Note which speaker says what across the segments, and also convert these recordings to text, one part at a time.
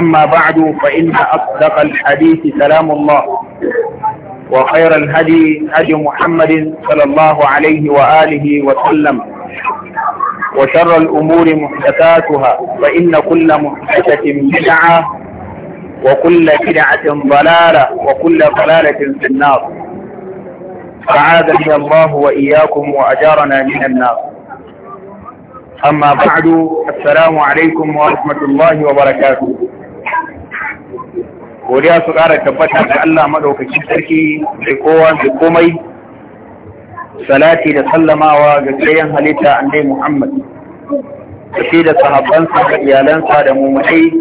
Speaker 1: أما بعد فإن أصدق الحديث كلام الله وخير الهدي هدي محمد صلى الله عليه وآله وسلم
Speaker 2: وشر الأمور
Speaker 1: محدثاتها فإن كل محدثة بدعة وكل بدعة ضلالة وكل ضلالة في النار فعاذني الله وإياكم وأجارنا من النار أما بعد السلام عليكم ورحمة الله وبركاته godiya su ƙara tabbata da Allah maɗaukacin sarki da kowa mai komai salati da sallamawa ga tsayen halitta annai Muhammad
Speaker 2: da shi da sahabbansa da iyalansa
Speaker 1: da mummunai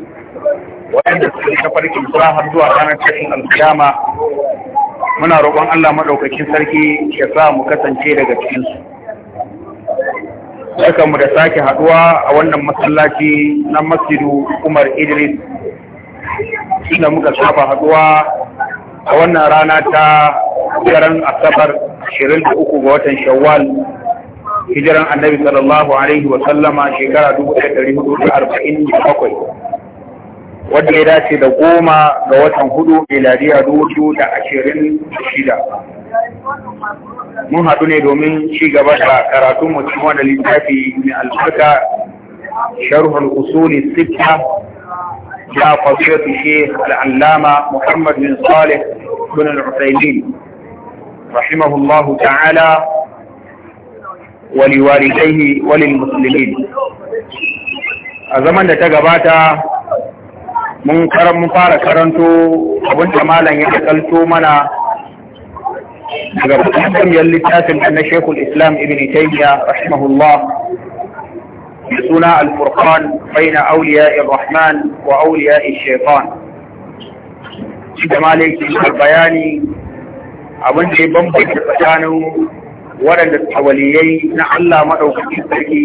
Speaker 1: waɗanda su ta farkin sa har zuwa ranar cikin alkiyama muna roƙon Allah maɗaukacin sarki ya sa mu kasance daga cikinsu. mu da sake haɗuwa a wannan masallaci na masjidu Umar Idris
Speaker 2: inda muka saba haduwa
Speaker 1: a wannan rana ta daren asabar 23 ga watan shawwal hijiran annabi sallallahu alaihi wa sallama shekara 1447 wadda ya dace da goma ga watan hudu miladiya 2026
Speaker 2: mun haɗu ne domin ci gaba da karatun mutum wanda littafi
Speaker 1: mai albarka sharhul usuli sitta مع قضية الشيخ العلامة محمد بن صالح بن العثيمين رحمه الله تعالى ولوالديه وللمسلمين a zaman da ta gabata mun fara karanto abinda malam ya kalto mana daga cikin littafin na Sheikhul Islam Ibn Taymiyyah rahimahullah suna alfurkan bai na auliya irrahman wa auliya ishefan shi da maliki bayani abin da ya bambanta tsakanin waɗanda tawaliyai na Allah maɗaukaki sarki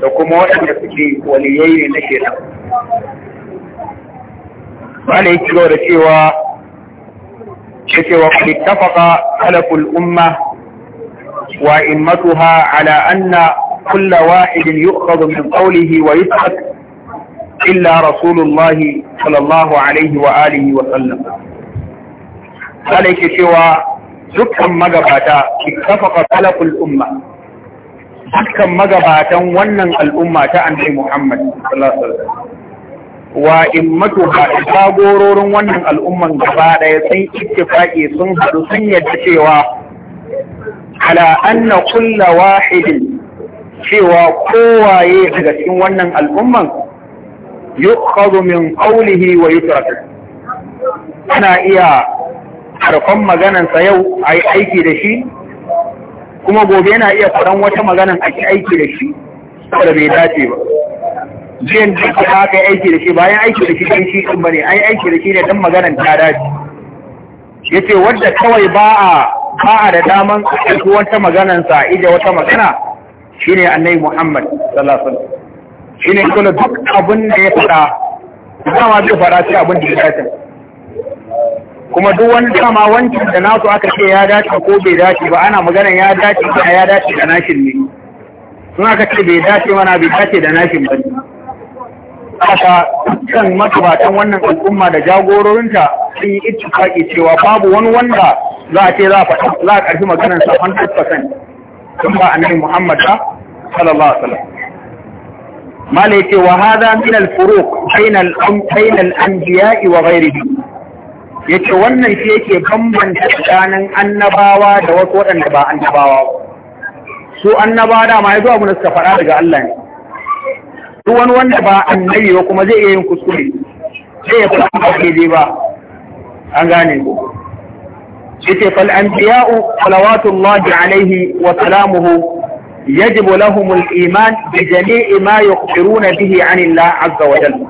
Speaker 1: da kuma waɗanda suke waliyai ne na shaitan bala yake da cewa ya cewa kuli umma wa immatuha a anna كل واحد يؤخذ من قوله ويترك إلا رسول الله صلى الله عليه وآله وسلم
Speaker 2: عليك شوى
Speaker 1: dukkan magabata ittafaqa salaful umma dukkan magabatan wannan al'umma ta annabi Muhammad wa immatu ba jagororin wannan al'umman gaba daya sun ittifaqi sun haɗu sun yadda cewa ala anna kullu wahidin cewa kowaye daga cikin wannan al'umman yukhadhu min qawlihi wa yutrak ana iya harfan maganansa yau a yi aiki da shi kuma gobe yana iya faɗan wata maganan a aiki da shi saboda bai dace ba jiyan da aka haka aiki da shi bayan aiki da shi ɗin shi din bane yi aiki da shi ne dan maganan ta dace ce wadda kawai ba a ba a da daman aiki wata maganansa a ije wata magana Shi ne annai Muhammad sallallahu alaihi wasallam shine duk abin da ya fada dama zai fada shi abin da ya dace kuma duk wani dama wancan da nasu aka ce ya dace ko bai dace ba ana magana ya dace da ya dace da nashin ne sun aka ce bai dace mana bai dace da nashin ba haka kan matubatan wannan al'umma da jagororinta sun yi ittifaki cewa babu wani wanda za a ce za a faɗi za a ƙarfi maganarsa 100% sun ba annabi Muhammad sallallahu alaihi wasallam mala yace wa hada min al furuq bain al am bain al anbiya wa ghairihi yace wannan shi yake bambanta tsakanin annabawa da wasu waɗanda ba annabawa ba su annaba da ma yazo abu da suka faɗa daga Allah ne duk wani wanda ba annabi ba kuma zai iya yin kuskure sai ya fara ba daidai ba an gane ko yace fal anbiya'u salawatullahi alaihi wa salamuhu يجب لهم الإيمان بجميع ما bihi an عن الله عز وجل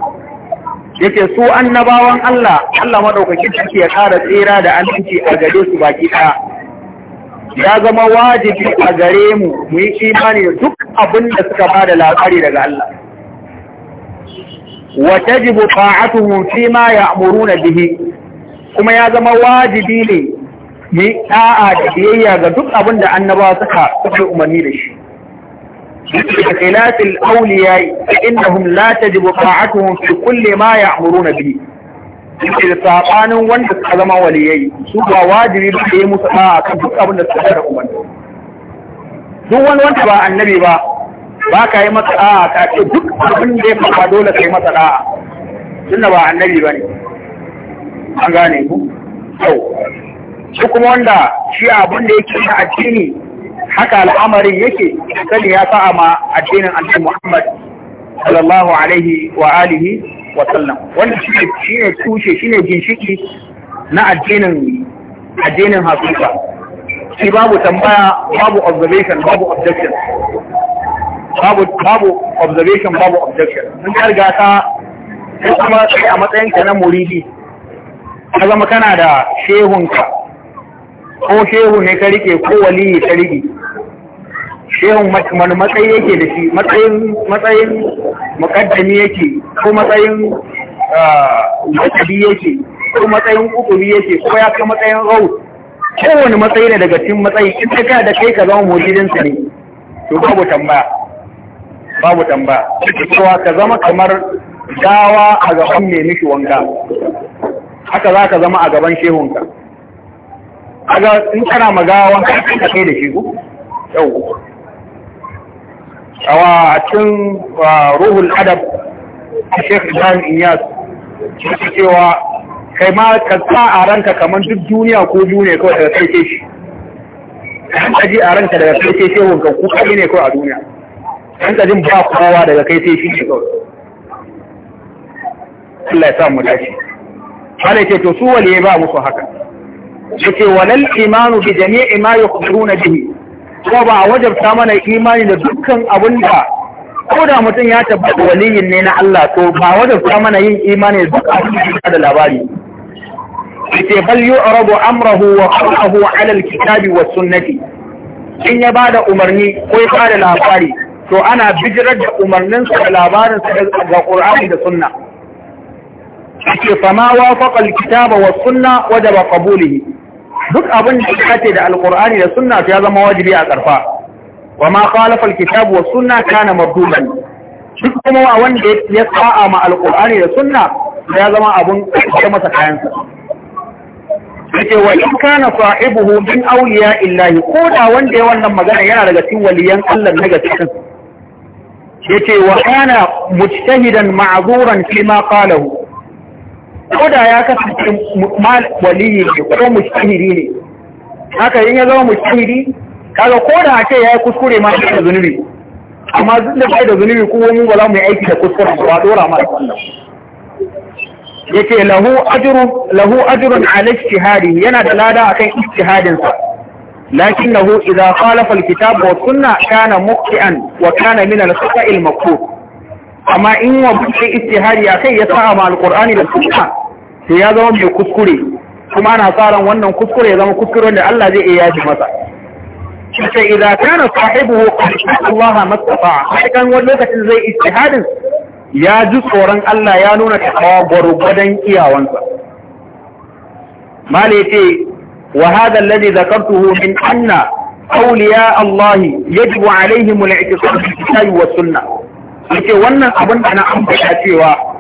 Speaker 1: yake su annabawan Allah Allah madaukakin sarki ya ƙara tsira da aminci a gare su baki ɗaya ya zama wajibi a gare mu mu yi imani da duk abin da suka ba da labari daga Allah wa tajibu ta'atuhum fi ma ya'muruna bihi kuma ya zama wajibi ne ya yi ɗa'a da biyayya ga duk abin da annabawa suka suke umarni da shi da khilafil awliya innahum la tajibu ta'atuhum fi kulle ma ya na biyu. yake da saɓanin wanda suka zama yi, su ba wajibi ba yi musu ɗa'a kan duk abin da suka da umarni duk wani wanda ba annabi ba ba ka yi masa ɗa'a ka ce duk abin da ya faɗa dole ka yi masa ɗa'a tunda ba annabi ba ne an gane ku shi kuma wanda shi abin da yake na addini haka al'amarin yake sani ya sa'a ma addinin annabi Muhammad sallallahu alaihi wa alihi wa sallam wanda shi ne tushe shi ne ginshiki na addinin addinin hakika shi babu tambaya babu observation babu objection babu babu observation babu objection mun ga ga ka kuma sai a matsayin ka na muridi ka zama kana da shehunka ko shehu ne ka rike ko waliyi ka rike shehu wani matsayi yake da shi matsayin matsayin mukaddami yake ko matsayin ah, wajibi yake ko matsayin ukubi yake ko ya kai matsayin Ko kowane matsayi ne daga cikin matsayi in ka da kai ka zama mujidinsa ne to babu tambaya babu tambaya cewa ka zama kamar gawa a gaban mai mishi wanka haka za ka zama a gaban shehunka Aga in kana magawan ka kai da shi ku? yau awa a cikin ruhul adab Sheikh Ibrahim Iyas yake cewa kai ma ka sa a ranka kamar duk duniya ko duniya kawai daga kai shi kan kaji a ranka daga kai sai shehun ka ku kai ne kawai a duniya kan kajin ba kowa daga kai sai shi ne kawai Allah ya sa mu dace Kale ce to su wale ba musu haka yace walal imanu bi jami'i ma yukhbiruna bihi ko ba a wajabta mana imani da dukkan abin da ko da mutum ya tabbata waliyin ne na Allah to ba wajabta mana yin imani da dukkan abin da labari yace bal yu'radu amrahu wa qawluhu 'ala al-kitabi was sunnati in ya bada umarni ko ya bada labari to ana bijirar da umarninsa da labarinsa ga Qur'ani da sunna ake fama wafakal kitaba wa sunna wajaba qabulihi duk abin da ya ce da alkur'ani da sunna ya zama wajibi a karfa wa ma khalafa alkitabu was sunna kana mabdulan duk kuma wanda ya sa'a ma alkur'ani da sunna ya zama abun da masa kayansa yake wa in kana sahibuhu min awliya illahi ko da wanda ya wannan magana yana daga cikin waliyan Allah na gaskiya yace wa kana mujtahidan ma'zuran fi ma qalahu ko da ya kasance waliyi ne ko mujtahidi ne haka yin ya zama mujtahidi kaga ko da ake yi kuskure ma da zunubi amma duk da bai da zunubi ko mun ba za mu yi aiki da kuskure ba dora ma wannan yace lahu ajru lahu ajrun ala ijtihadi yana da lada akan ijtihadin sa lakinnahu idza khalafa alkitab wa sunna kana mukti'an wa kana min al-khata' amma in wa bi ijtihadi akai ya sa ma al da sunna to ya zama mai kuskure kuma ana sa ran wannan kuskure ya zama kuskuren da Allah zai iya yaji masa sai idza kana sahibuhu Allah mastafa hakan wani lokacin zai ijtihadin ya ji tsoron Allah ya nuna takawa gwargwadon iyawansa mala yace wa hadha alladhi dhakartuhu min anna awliya Allah yajibu alaihim al-i'tisam bi kitabi wa sunnah yace wannan abin da na ambata cewa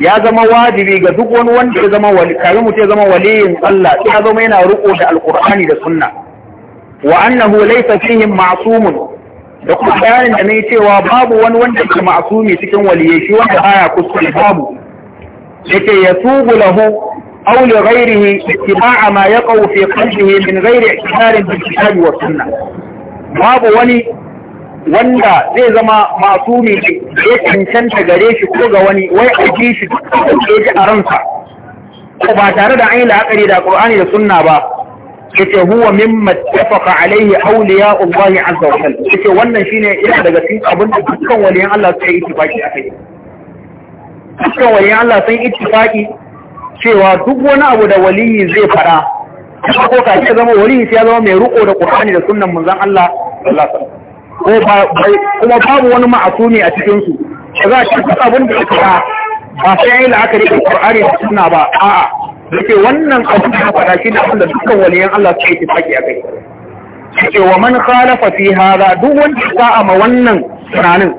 Speaker 1: ya zama wajibi ga duk wani wanda ya zama wali zama waliyin Allah ya zama yana riko da alkur'ani da sunna wa annahu laysa fihim ma'sumun da kuma bayanin da nayi cewa babu wani wanda ke ma'sumi cikin waliyai shi wanda baya kuskure babu yake yatubu lahu aw li ghayrihi ittiba'a ma yaqau fi qalbihi min ghairi ihtilal bil kitabi was sunna babu wani wanda zai zama masu ne ya cancanta gare shi ko ga wani wai a ji shi duk da ji a ransa ko ba tare da an yi la'akari da ƙur'ani da sunna ba ce huwa mimma tafaqa alaihi ya Allah azza wa jalla ce wannan shi ne yana daga cikin abin da dukkan waliyan Allah suka yi a akai dukkan waliyan Allah sun ittifaki cewa duk wani abu da waliyi zai fara ko ka ce zama waliyi sai ya zama mai riko da ƙur'ani da sunnan manzon Allah sallallahu alaihi wasallam kuma babu wani ma'asumi a cikinsu ba za a ci abin da ya ba sai yi la'akari da Qur'ani da Sunna ba a'a yake wannan abu da faɗa shi ne abin da dukkan waliyan Allah suke ittifaki a kai yake wa man khalafa fi hada duk wanda ya sa'a ma wannan tunanin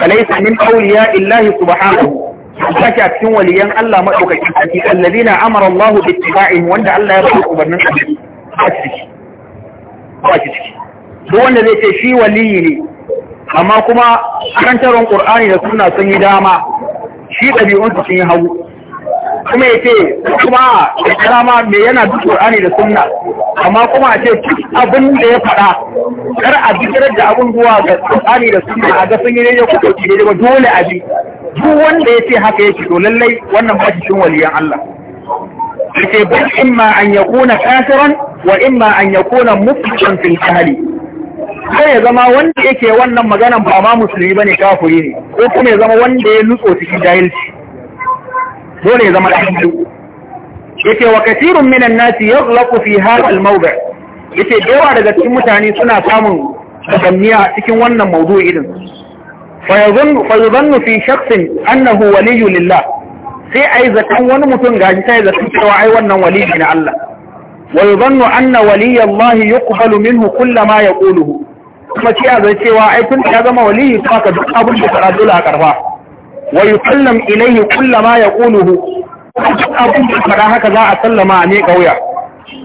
Speaker 1: falaysa min awliya illahi subhanahu sake a cikin waliyan Allah madaukakin sarki alladina amara Allah bi ittiba'i wanda Allah ya rubuta ubannin a ciki ba ciki duk wanda zai ce shi waliyi ne amma kuma karantarwar ƙur'ani da suna sun yi dama shi ɗabi'unsu sun yi hagu kuma ya ce kuma da karama mai yana duk ƙur'ani da sunna amma kuma ce duk abin da ya faɗa kar a bikirar da abin zuwa ga ƙur'ani da sunna a ga sun yi daidai ko ɗauki daidai ba dole a bi duk wanda ya ce haka ya ce to lallai wannan ba shi cin waliyan Allah. Ake bal imma an ya yakuna kafiran wa imma an ya yakuna muflisan fil ahli sai ya zama wanda yake wannan maganan ba ma musulmi bane kafiri ne ko kuma ya zama wanda ya nutso cikin jahilci dole ya zama ɗan biyu yake wa kasirun minan nasi yaghlaqu fi hadha al-mawdu' yake yawa daga cikin mutane suna samun tabanniya cikin wannan mawdu'i irin. fa yadhunnu fa yadhunnu fi shakhsin annahu waliyyu lillah sai ai zaton wani mutum gashi sai zaton cewa ai wannan waliyi na Allah wa yadhunnu anna waliyya Allah yuqbalu minhu kull ma yaquluhu kuma sai a zai cewa ai tun ya zama waliyi kuma ka duk abin da fara dole a karfa wa yusallam ilayhi kullama yaquluhu duk abin da fara haka za a sallama a ne kauya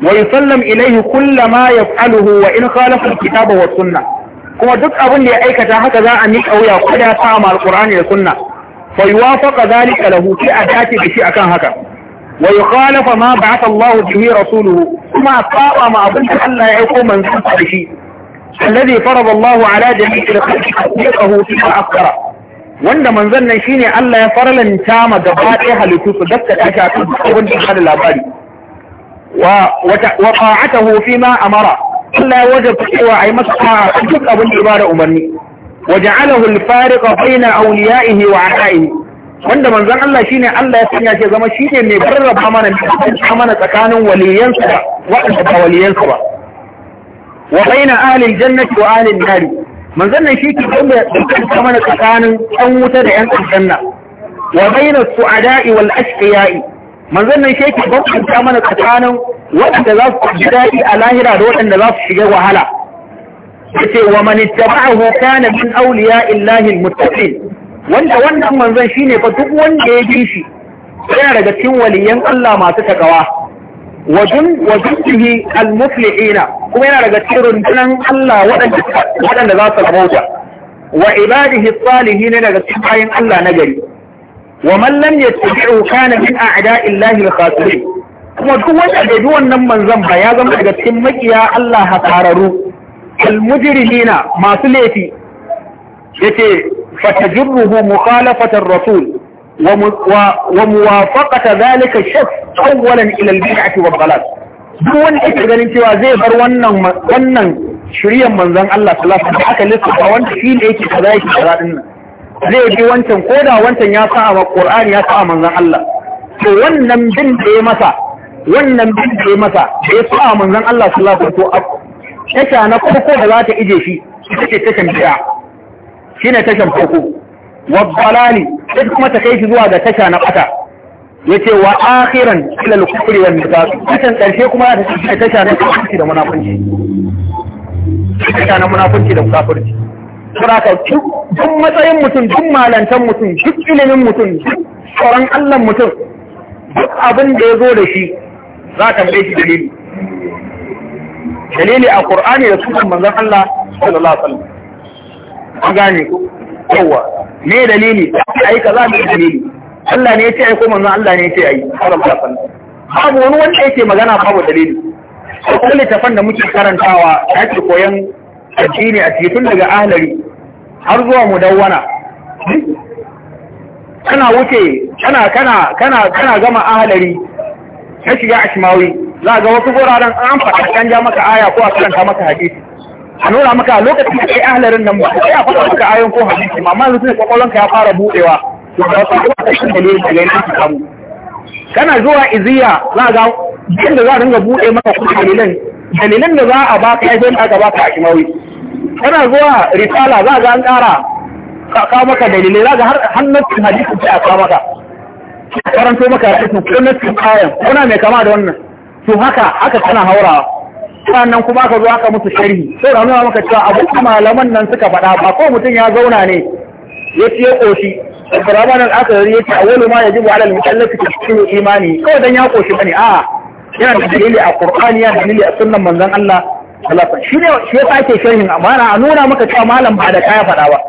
Speaker 1: wa yusallam ilayhi kullama yaf'aluhu wa in khalafa alkitaba wa sunna kuma duk abin da ya aikata haka za a miƙa wuya ko da ta ma alqur'ani da sunna fa yuwafaqa zalika lahu fi adati da shi akan haka wa yukhalafa ma ba'atha Allahu bihi rasuluhu kuma a saba ma abin da Allah ya aiko manzon da shi الذي فرض الله على جميع الخلق تطبيقه فيما أخبره wanda manzon nan shine Allah ya farlanta ma gaba ɗaya halittu su gaskata abin da hada labari wa ta'atahu fi ma amara Allah ya wajaba cewa ai masa duk abin da umarni wa ja'alahu al-fariqa bayna awliya'ihi wa a'aihi wanda manzon Allah shine Allah ya sanya shi zama shine mai barraba mana mana tsakanin waliyansa da waɗanda ba waliyansa ba wa baina ahlil jannati wa ahlin nari man nan shi ke bambanta mana tsakanin ɗan wuta da yan aljanna wa baina su'ada'i wal ashqiya'i man nan shi ke bambanta mana tsakanin waɗanda za su ji daɗi a lahira da waɗanda za su shiga wahala yace wa man ittaba'ahu kana min awliya'i llahi almuttaqin wanda wannan manzon shine fa duk wanda ya ji shi yana daga cikin waliyan Allah masu takawa wajuntihi almuflihina kuma yana daga cikin rundunan Allah waɗanda za su rabauta wa ibadihi salihina daga cikin bayan Allah na gari wa man lam yattabi'u kana min a'da'illahi al-khasirin kuma duk wanda bai bi wannan manzon ba ya zama daga cikin makiya Allah hasararu almujrimina masu laifi yace fatajruhu mukhalafata ar-rasul وموافقة ذلك الشخص أولا إلى البدعة والضلال duk wani ake ganin cewa zai bar wannan wannan shiryan Allah sallallahu alaihi wasallam aka wanda shi ne yake kaza yake kaza din nan zai bi wancan ko da wancan ya sa a Qur'ani ya sa a Allah to wannan bin da masa wannan bin da masa da ya sa Allah tasha na farko da za ta ije shi tashan shine tashan farko wabbalali sai kuma ta kai shi zuwa ga tasha na bata yace wa akhiran ila al-kufri wal nifaq kasan karshe kuma ta tashi tasha na kafirci da munafunci tasha na munafunci da kafirci saboda duk matsayin mutum duk malantan mutum duk ilimin mutum duk tsoron Allah mutum duk abin da ya zo da shi za ka mai shi dalili dalili al Qur'ani da sunan manzon Allah sallallahu alaihi wasallam gane yawa me dalili a yi kaza me dalili Allah ne ya ce ai ko manzon Allah ne ya ce ai sallallahu alaihi babu wani wanda yake magana babu dalili akwai littafan da muke karantawa yake koyan addini a cikin daga ahlari har zuwa mudawwana kana wuce kana kana kana kana gama ahlari ka shiga ashmawi za ga wasu guraren an faɗa kan ja maka aya ko a karanta maka hadisi a nuna maka lokacin da kai ahlarin nan ba kai a faɗa maka ayon ko hadisi amma yanzu sai ka ya fara buɗewa to ba su kuma kashin da ne da yanzu ka samu kana zuwa iziya za ga da za a dinga buɗe maka kuma dalilan dalilan da za a baka ya zai aka baka a kimawi. kana zuwa risala za ga an ƙara kawo maka dalilai za ga har hannun hadisi sai a kawo maka karanto maka hadisin ko nassin kayan, kuna mai kama da wannan to haka haka kana haurawa sannan kuma aka zo aka musu sharhi sai da nuna maka cewa abin malaman nan suka faɗa ba ko mutum ya zauna ne ya ciye koshi Ibrahim al-Asari ya ce awwalu ma yajibu ala al-mukallafi tasdiqu imani kawai dan ya koshi bane a, yana da dalili a Qur'ani yana da dalili a sunnan manzon Allah sallallahu shi ne shi ya sake sharhin amana a nuna maka cewa malam ba da kaya faɗa ba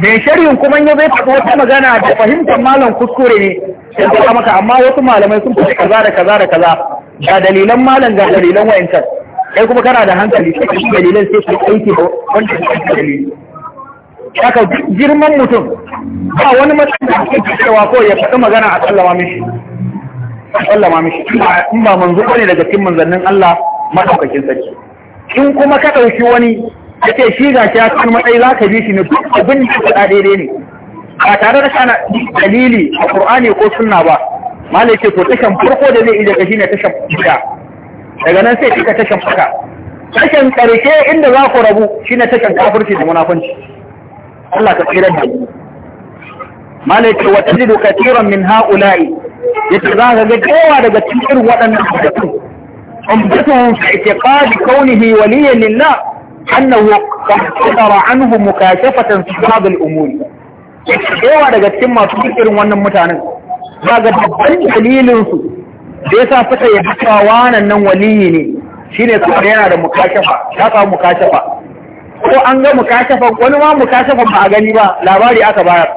Speaker 1: Me sharhin kuma ya zai faɗi wata magana da fahimtar malam kuskure ne sai ka maka amma wasu malamai sun fi kaza da kaza da kaza ga dalilan malam ga dalilan wayancan kai kuma kana da hankali sai ka dalilan sai ka aiki ba wanda yi dalili haka girman mutum
Speaker 2: ba wani matsayin da ake
Speaker 1: cewa ko ya faɗi magana a sallama mishi sallama mishi in ba manzo bane daga cikin manzannin Allah madaukakin sarki in kuma ka ɗauki wani ya ce shi ga shi cikin matsayi za ka bi shi ne duk abin da faɗa daidai ne ba tare da kana dalili a Qur'ani ko sunna ba malai ce to tashan farko da zai iya ga ne tashan bid'a daga nan sai kika tashan faka. tashan karshe inda za ku rabu shine tashan kafirci da munafunci Allah ka tsira da malaka wa tajidu katiran min haula'i yace za ka ga kowa daga cikin waɗannan mutane ummatuhum fi i'tiqad kaunihi waliyan lillah annahu qadara anhu mukashafatan fi ba'd al-umur yawa daga cikin masu irin wannan mutanen za ga babban dalilin su da yasa suka yi duka wanan nan waliyi ne shine su yana da mukashafa ya samu mukashafa ko an ga mukashafa wani ma mukashafa ba a gani ba labari aka bayar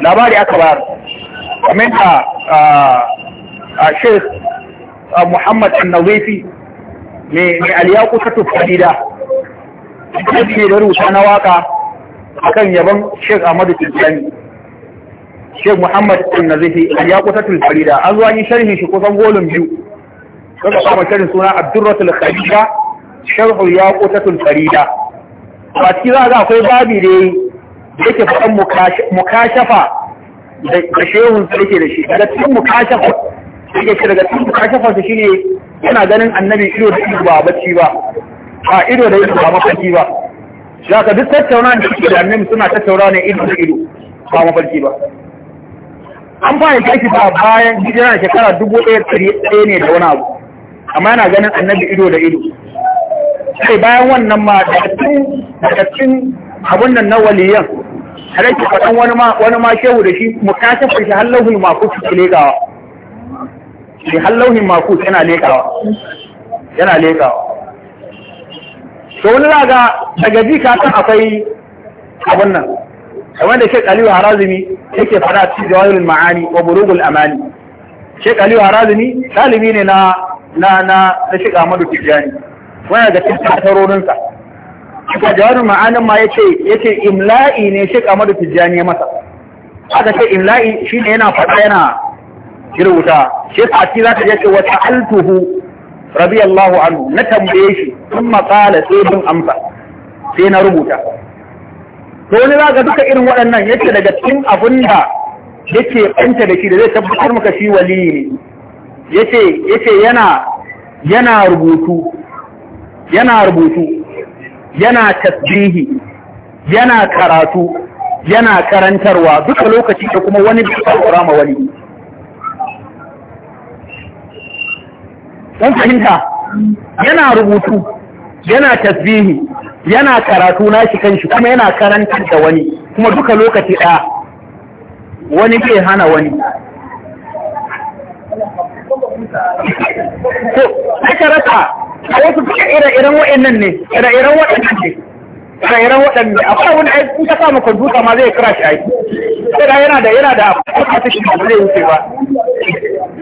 Speaker 1: labari aka bayar kamar da a sheikh muhammad annazifi mai aliyaku ta tufadida ya ce da rusa na waka akan yaban sheikh ahmadu tijjani Sheikh Muhammad An-Nazifi Al-Yaqutatul Farida an zo an yi sharhin shi kusan golin biyu suka kama sharhin suna Abdurratul Khalida Sharh Al-Yaqutatul Farida to a cikin za akwai babi da yake faɗan mukashafa da shehun sa yake da shi daga cikin mukashafa yake shi daga cikin mukashafa sa shine yana ganin annabi ido da ido ba bacci ba ba ido da ido ba mafarki ba za ka duk tattaunawa da shi da annabi suna tattaunawa ne ido da ido ba mafarki ba an bayan shi ba bayan hijira shekara dubu ɗaya tsari ɗaya ne da wani abu amma yana ganin annabi ido da ido sai bayan wannan ma daga cikin abin nan na waliyan har yake faɗan wani ma wani ma shehu da shi mu kashe fashi hallahul makus ke lekawa shi hallahul makus yana lekawa yana lekawa to wani daga daga ji ka san akwai abin nan kamar da Sheikh Aliyu Harazimi yake fara cikin jawahirul ma'ani wa bulugul amani Sheikh Aliyu Harazimi ɗalibi ne na na na na Sheikh Ahmadu Tijani wanda da cikin tarorin sa aka jawahirul ma'anin ma yace yace imla'i ne Sheikh Ahmadu Tijani ya masa aka ce imla'i shine yana fada yana rubuta Sheikh Ati zaka je ce wa ta'altuhu radiyallahu anhu na tambaye shi kuma qala sai bin amsa sai na rubuta to wani za ga duka irin waɗannan yake daga cikin abin da yake ɓanta da shi da zai tabbatar maka shi wali ne yace yace yana yana rubutu yana rubutu yana tasbihi yana karatu yana karantarwa duka lokaci da kuma wani bisa ƙorama wani don fahimta yana rubutu yana tasbihi yana karatu na shi kanshi kuma yana karantar da wani kuma duka lokaci ɗaya wani ke hana wani
Speaker 2: to aka rasa
Speaker 1: a wasu duka ire-iren waɗannan ne ire-iren waɗannan ne ire-iren waɗannan ne akwai wani aiki sa samu duka ma zai kira shi aiki sai yana da yana da su shi ba zai wuce ba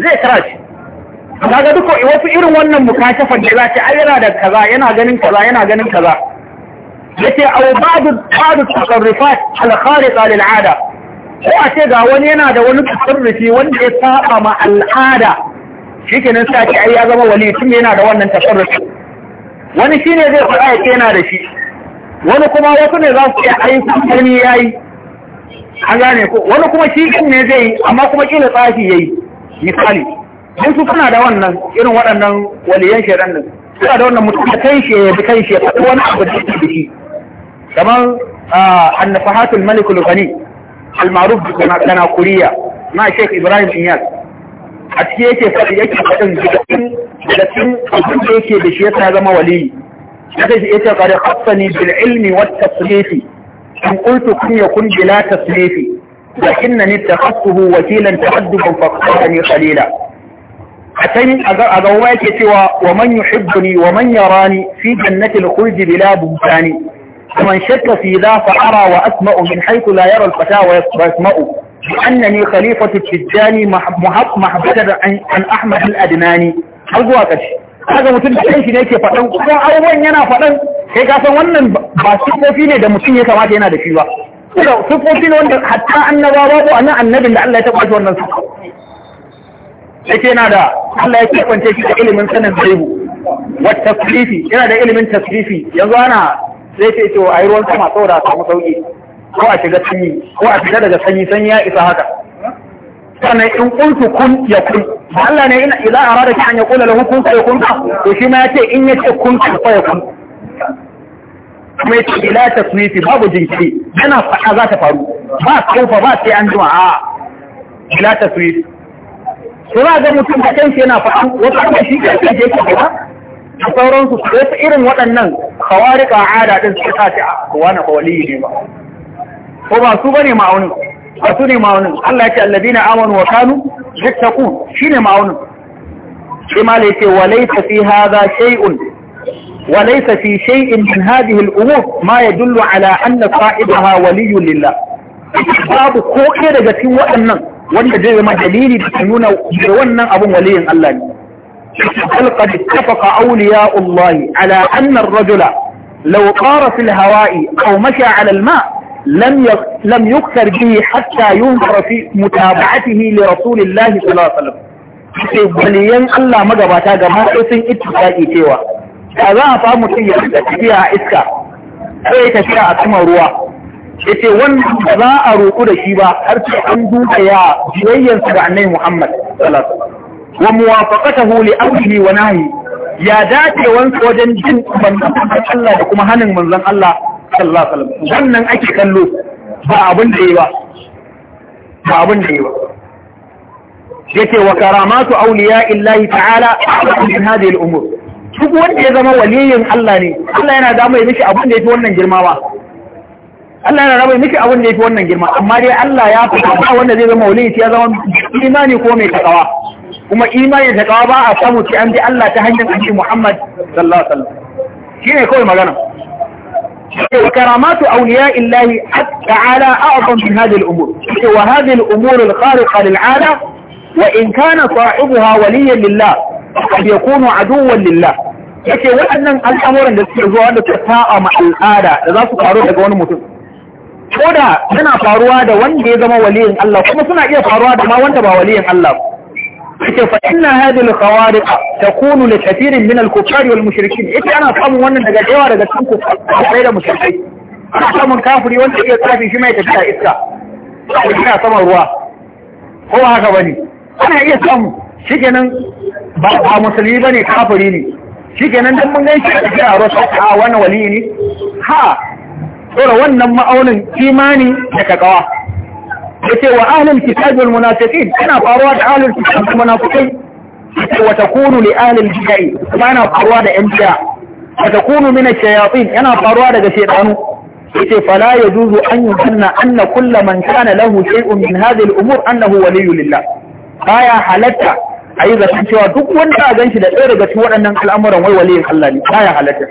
Speaker 1: zai kira shi kaga duka wasu irin wannan mukashafan da za ta ai yana da kaza yana ganin kaza yana ganin kaza yake aw Babu babu tasarrufat al-khariqa lil-'ada ko a ce ga wani yana da wani tasarrufi wanda ya saba ma al'ada shikenan sai ce ai ya zama wali tun yana da wannan tasarrufi wani shine zai fara ya ce yana da shi wani kuma wasu ne za su iya aiki wani yayi an gane ko wani kuma shi din ne zai yi amma kuma kila tsafi yayi misali in su suna da wannan irin waɗannan waliyan shedan nan suna da wannan mutum da kai shi ya bi kai shi ya faɗi wani abu da shi كمان آه، النفحات الملك الغني المعروف بكنا كنا كوريا مع شيخ إبراهيم إياد أتكيكي فتيكي فتن جدتين جدتين أتكيكي بشيطنا زم ولي نفذ إيكي قد خصني بالعلم والتصليفي إن قلت كن يكن بلا تصليفي لكنني اتخذته وكيلا تحدبا فاقصدني خليلا أتني أغوائك سوى ومن يحبني ومن يراني في جنة الخلد بلا بمساني ومن شك في ذا فأرى وأسمأ من حيث لا يرى الفتاوى ويسمأ بأنني خليفة التجاني محب محبدا عن أحمد الأدناني أرجو أكش هذا mutum da kanshi ne faɗan kuma abubuwan yana faɗan sai ka wannan ba sifofi ne da mutum ya kamata yana da shi ba kuma sifofi ne wanda hatta annabawa ko annan annabin da Allah ya taɓa shi wannan sifofi yake yana da Allah ya keɓance shi da ilimin sanin zaibu yana da ilimin tasrifi yanzu ana zai ce to a yi ruwan sama saboda a samu sauƙi, ko a shiga sanyi ko a shiga daga sanyi sanyi ya isa haka sannan in kuntu kun ya kun Allah ne ina idan a rada an ya kula lahu kun ya kun to shi ma ya ce in yace kun kun fa ya kun kuma ya ce ila taswifi babu jinkiri yana faɗa za ta faru ba kaufa ba sai an jima a ila taswifi sura ga mutum da kanshi yana faɗa wata kuma shi kanshi yake ba? da sauransu sai su irin waɗannan kawarika ada din su ta ce a wani kawali ne ba ko ba su bane ma'aunin ba su ne ma'aunin Allah ya ce na amanu wa kanu yattaqun shine ma'aunin sai ma lai ce walaysa fi hadha shay'un walaysa fi shay'in min hadhihi al-umur ma yadullu ala anna ha waliyyun lillah babu ko ɗaya daga cikin waɗannan wanda zai zama dalili da ta nuna da wannan abun waliyin Allah ne بل قد اتفق أولياء الله على أن الرجل لو طار في الهواء أو مشى على الماء لم لم يكثر به حتى ينظر في متابعته لرسول الله صلى الله عليه وسلم sai baliyan Allah magabata gaba sai sun ittifaqi cewa da za a samu mutum ya tafiya a iska ko ya tafiya a saman ruwa yace wannan ba za a roƙu da shi ba har sai an duba ya biyayyansa ga Annabi Muhammad sallallahu alaihi wasallam wa muwafaqatahu li amrihi wa nahyi ya dacewansa wajen jin umarnin Allah da kuma hannun manzon Allah sallallahu alaihi wasallam wannan ake kallo ba abin da yi ba ba abin da yi ba yake wa karamatu awliya illahi ta'ala min hadhihi al-umur duk wanda ya zama waliyin Allah ne Allah yana da mai miki abin da yafi wannan girma ba Allah yana da mai miki abin da yafi wannan girma amma dai Allah ya fita ba wanda zai zama waliyi ya zama imani ko mai takawa kuma imani da kawa ba a samu ce an bi Allah ta hanyar annabi Muhammad sallallahu alaihi wasallam shine kawai magana وكرامات أولياء الله wa أعظم من هذه الأمور وهذه الأمور الخارقة للعادة وإن كان صاحبها وليا Lillah? قد يكون عدوا Lillah? yake waɗannan al'amuran da suke zuwa da ta a al'ada da za su faru daga wani mutum ko da suna faruwa da wanda ya zama waliyin Allah kuma suna iya faruwa da ma wanda ba waliyin Allah yake fa inna hadhihi al-khawariq takunu li kathirin min al-kuffar wal mushrikin yake ana samun wannan daga yawa daga cikin kuffar da mushrikai ana samun kafiri wanda iya tafi shi mai tafiya iska ko yana saman ruwa ko haka bane ana iya samu shikenan ba ba musulmi bane kafiri ne shikenan dan mun gaishe da kira ruwa a wannan wali ne ha tsora wannan ma'aunin imani da kakawa yace wa ahlul kitab wal munafiqin yana faruwa da ahlul kitab da munafiqai wa takunu li ahlil bid'ah kuma yana faruwa da yan bid'a kunu takunu min ash-shayatin yana faruwa daga shaidanu. shaytanu yace fala yajuzu an yusanna anna kullu man kana lahu shay'un min hadhihi al-umur annahu waliyyu lillah baya halatta ayi zaton cewa duk wanda a ganshi da ɗaya daga cikin waɗannan al'amuran wai waliyin Allah ne baya halatta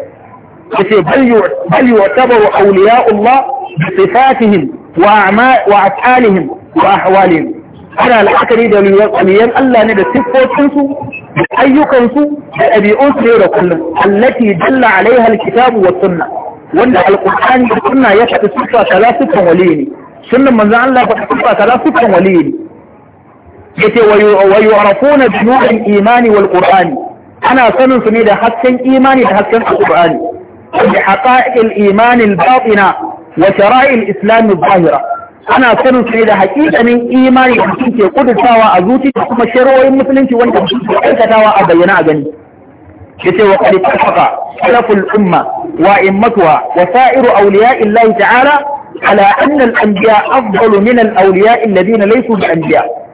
Speaker 1: yace bal yu'tabaru awliya'ullah bi sifatihim wa wa af'alihim wa ahwalihim ana la'akari da waliyan Allah ne da siffofinsu da ayyukansu da ɗabi'unsu ne da kullum allati dalla alaiha alkitabu wa sunna wanda alqur'ani da sunna ya faɗi siffa kaza sukan waliyi ne sunnan manzon Allah ya faɗi siffa kaza sukan waliyi ne yace wa yu'rafuna bi nuril imani wal qur'ani ana sanin su ne da hasken imani da hasken alqur'ani بحقائق الإيمان الباطنة وشرائع الإسلام الظاهرة أنا سنة سيدة حقيقة من إيماني بسيطة قد ساوى أزوتي كما شروع المسلمين وانت بسيطة أي كتاوى أبينا أغني كتي وقد اتفق سلف الأمة وإمتها وسائر أولياء الله تعالى على أن الأنبياء أفضل من الأولياء الذين ليسوا بأنبياء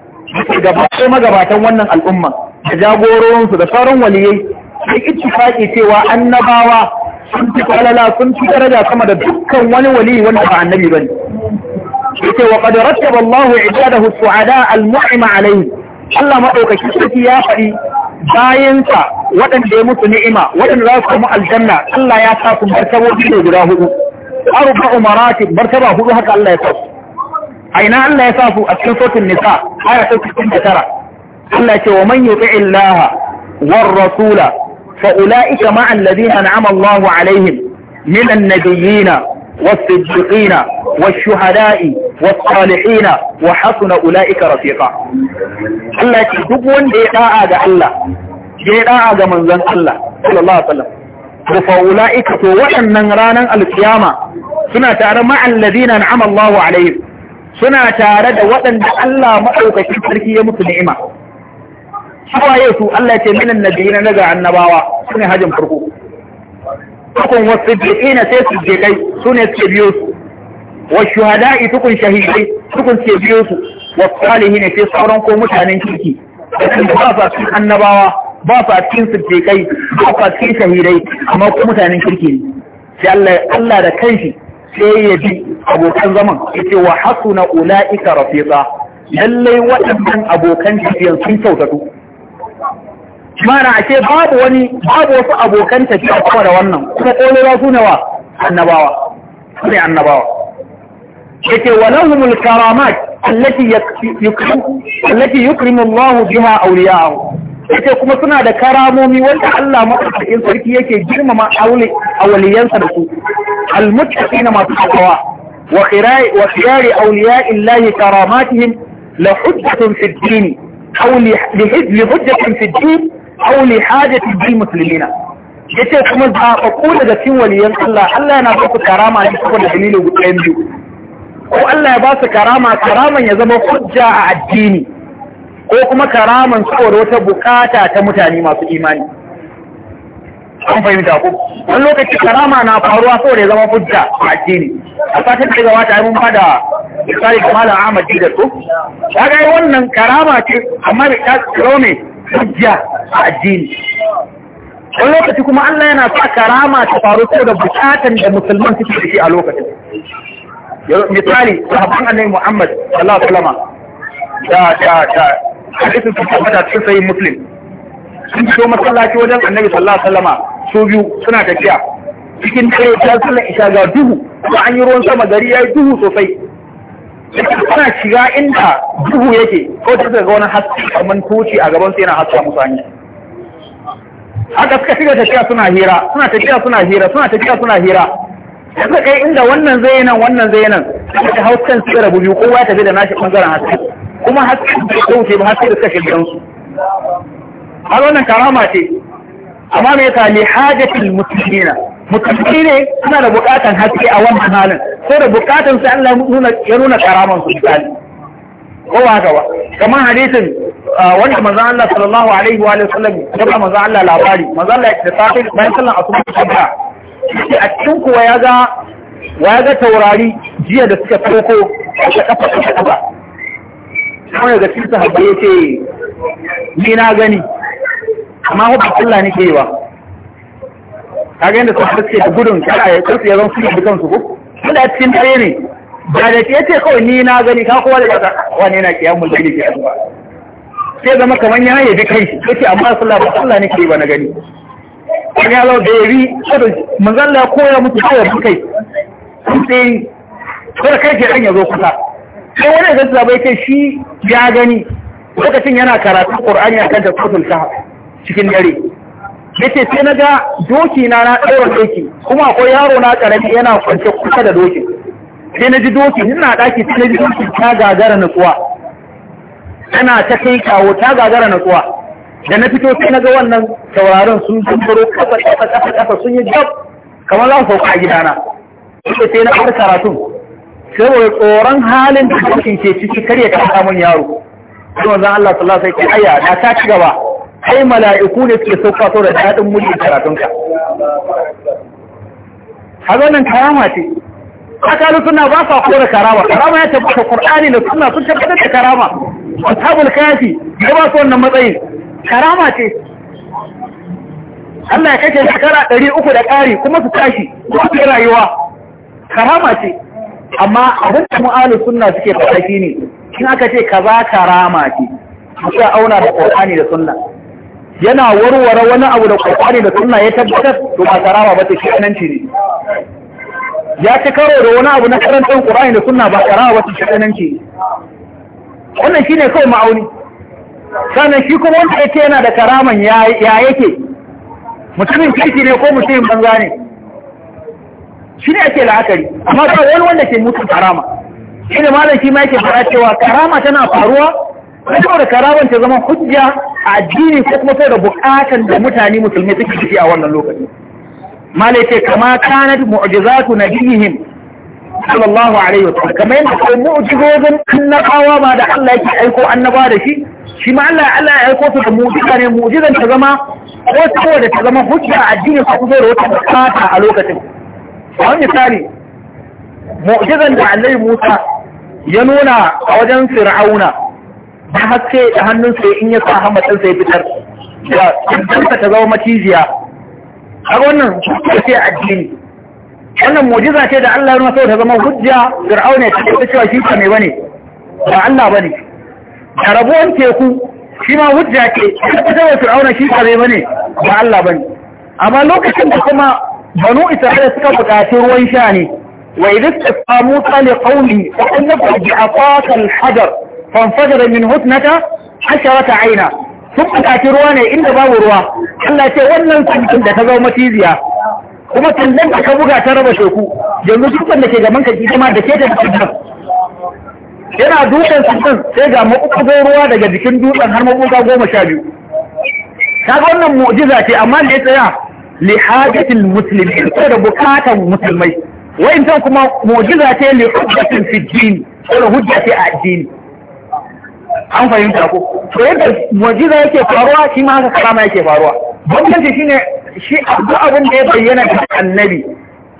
Speaker 1: gabatar magabatan wannan al'umma da jagororinsu da sauran waliyai da ittifaki cewa annabawa sun fi falala sun fi daraja sama da dukkan wani wali wanda ba annabi bane yake wa qad rattaba Allah ibadahu su'ada al-mu'ima alayhi Allah madaukaki sarki ya faɗi bayansa waɗanda ya mutu ni'ima waɗanda za su samu aljanna Allah ya sa su martabobi ne guda hudu arba umarati martaba hudu haka Allah ya sa su a ina Allah ya sa su a cikin sautin nisa aya ta tara Allah ya ce wa man yuti illaha war rasula فأولئك مع الذين أنعم الله عليهم من النبيين والصديقين والشهداء والصالحين وحسن أولئك رفيقا الله تدبون إيقاء دا الله إيقاء دا منزل الله صلى الله عليه وسلم فأولئك توحن من رانا القيامة سنة تارى مع الذين أنعم الله عليهم سنة تارى دا وطن دا الله مأوكة تركية متنعمة hawaye su Allah ce minan nabiyina na ga annabawa su ne hajjin farko tukun wasu bi'ina sai su je kai su ne suke biyo su wa shuhada'i tukun shahidai tukun suke biyo su wa salihi ne sai sauran ko mutanen kirki da ba sa cikin annabawa ba sa cikin kai ba sa cikin shahidai amma ko mutanen kirki ne sai Allah Allah da kanshi sai ya bi abokan zaman yace wa hasuna ulaika rafiqa lallai waɗannan abokan tafiyan sun kyautatu mana ake babu wani babu wasu abokan tafiya kuma da wannan kuma kolewa su ne wa annabawa su ne annabawa yake walahumul karamat allati yukrimu allati yukrimu Allah hau. Ya ce kuma suna da karamomi wanda Allah madaukakin sarki yake girmama awliyansa da su
Speaker 2: almuttaqina masu takawa
Speaker 1: wa khiyari wa khiyari awliya'illahi karamatihim la hujjatun fid din aw li hujjatin fid aw li hajati bil muslimina yace kuma zaɓaɓɓu daga cin waliyan Allah Allah yana ba su karama ne da dalilin gudayen biyu ko Allah ya ba su karama karaman ya zama hujja a addini ko kuma karaman saboda wata bukata ta mutane masu imani an fahimta ku wani lokaci karama na faruwa saboda ya zama hujja a addini a satin da gawa ta yi mun bada misali kamar Ahmad Jidat ko kaga wannan karama ce amma bai ta zama hujja a addini wani lokaci kuma Allah yana sa karama ta faru ko da bukatan da musulman suke da shi a lokacin misali sahabban annabi Muhammad sallallahu alaihi wasallam da da da hadisin su tabbata cikin sahih musulun, sun fito masallaci wajen annabi sallallahu alaihi wasallam su biyu suna tafiya cikin ɗaya ta sallar isha ga duhu ko an yi ruwan sama gari ya yi duhu sosai suna shiga inda duhu yake ko ta ga wani haske kamar tuci a gaban su yana haska musu hanya haka suka shiga tafiya suna hira suna tafiya suna hira suna tafiya suna hira suka kai inda wannan zai nan wannan zai nan suka ta hauskan suka rabu biyu kowa ya tafi da nashi bangaren haske kuma haske da ya wuce ba haske da suka shiga su har wannan karama ce amma me yasa li hajatil musulmi ne suna da bukatan haske a wannan halin ko da bukatan sai Allah ya nuna karaman su misali ko ba haka ba kamar hadisin ah, wanda manzon Allah sallallahu alaihi wa sallam ya ba manzon Allah labari manzon Allah da safi bayan sallan asuba ta a cikin kuwa ya ga wa ga taurari jiya da suka toko a kafa a kafa kuma ga cikin sahabbai yace
Speaker 2: ni na gani amma hukumar Allah nake yi wa kaga yadda sun suke da gudun kada ya kansu ya zan su yi kansu ko mun da cikin dare ne
Speaker 1: da da ke ce kawai ni na gani ka kowa da ka wani yana kiyamul layli ke azuwa sai zama kamar ya yi bi kai yace amma sallah ba sallah nake yi ba na gani wani ya zo da yari manzalla ya koya mutu kawai bi kai sai kada kai ke dan ya zo kusa sai wani ya zanta bai ce shi ya gani lokacin yana karatun a kan tafsirul kahf cikin dare yace sai na ga doki na na ɗaura doki kuma akwai yaro na ƙarami yana kwance kusa da doki sai na ji doki ina ɗaki sai na ji doki ta gagara nutsuwa tana ta kai kawo ta gagara nutsuwa da na fito sai na ga wannan tauraron sun zumburo kafa kafa kafa kafa sun yi jab kamar za su sauka a gidana sai sai na har karatun saboda tsoron halin da dokin ke ciki kar ya kasa mun yaro sai wanzan Allah sallallahu alaihi wasallam ya ta ci gaba kai mala'iku ne suke sauka da daɗin mulki karatunka a zonin karama ce akalu suna ba sa kora karama karama ya tabbata qur'ani da suna sun tabbatar da karama ashabul kafi ya ba su wannan matsayin karama ce Allah ya kashe shekara ɗari uku da ƙari kuma su tashi su rayuwa karama ce amma abin da mu'alu sunna suke faɗa ne in aka ce kaza karama ce auna da kur'ani da sunna yana warware wani abu da Qur'ani da suna ya tabbatar to ba tsara ba ta shi'ananci ne ya ci karo da wani abu na karantar Qur'ani da suna ba tsara ba ta shi'ananci ne wannan shi ne kawai ma'auni sannan shi kuma wanda yake yana da karaman ya yake mutumin kirki ne ko mutumin banza ne shi ne ake la'akari amma ba wani wanda ke mutum karama shi ne malam shi ma yake fara cewa karama tana faruwa kuma da karaban ta zama hujja a addini ko kuma da bukatan da mutane musulmi suke ciki a wannan lokaci malai ce kama kanat mu'jizatu nabiyihim sallallahu alaihi wasallam kamar yadda ko mu'jizozin annabawa ba da Allah yake aiko annabawa da shi shi ma Allah Allah ya aiko su da mu'jiza ne mu'jizan ta zama ko saboda ta zama hujja a addini ko kuma da wata bukata a lokacin a misali mu'jizan da Allah Musa ya nuna a wajen Fir'auna da haske da hannunsa in ya sa hamatansa sai fitar da kanta ta zama macijiya. a wannan hujja addini wannan mujiza ce da Allah ya nuna ta zama hujja fir'auna ta ce cewa shi ka mai bane ba Allah bane da rabuwan teku shi ma hujja ce ta zama fir'auna shi ka mai bane ba Allah bane amma lokacin da kuma banu isra'ila suka buƙaci ruwan sha ne wa idh istamu qali qawli fa annakum bi'aqaka al-hajar fanfajara min hutnata asharata aina sun bukaci ruwa ne inda babu ruwa Allah ce wannan sankin da ta zama ciziya
Speaker 2: kuma sandan da ka buga
Speaker 1: ta raba teku, yanzu dukkan da ke gaban ka ita ma da ke ta sandan yana dutsen sandan sai ga maɓuɓɓugar ruwa daga jikin dutsen har maɓuɓɓuga goma sha biyu ta wannan mu'jiza ce amma da ya tsaya li hajjatil ko da bukatan musulmai wa'intan kuma mu'jiza ce li hujjatin fi dini ko da hujja ce a addini an fahimta ko to yadda mu'jiza yake faruwa shi ma haka karama yake faruwa Wannan shi shine shi abu abin da ya bayyana ga annabi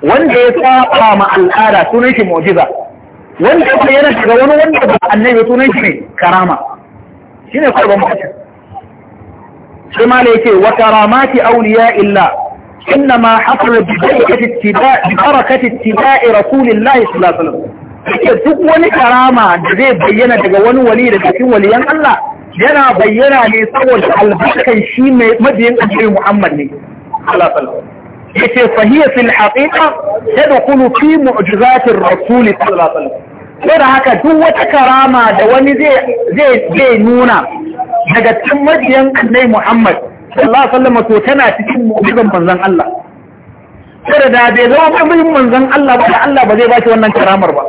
Speaker 1: wanda ya saba ma al'ada sunan shi mu'jiza wanda ya bayyana daga wani wanda ba annabi sunan shi ne karama shine kawai bambanci sai ma yake wa karamati awliya illa إنما حصل ببركة اتباع, ببركة اتباع رسول الله صلى الله عليه وسلم kake duk wani karama da zai bayyana daga wani wali da cikin waliyan Allah yana bayyana ne saboda albarkan shi mai mabiyin annabi Muhammad ne Allah sallallahu yace fahiya fil haqiqa tadkhulu fi mu'jizati ar-rasul sallallahu alaihi wasallam haka duk wata karama da wani zai zai nuna daga cikin mabiyan annabi Muhammad sallallahu alaihi wasallam to tana cikin mu'jizan manzon Allah sai da bai zama mabiyin manzon Allah ba Allah ba zai ba shi wannan karamar ba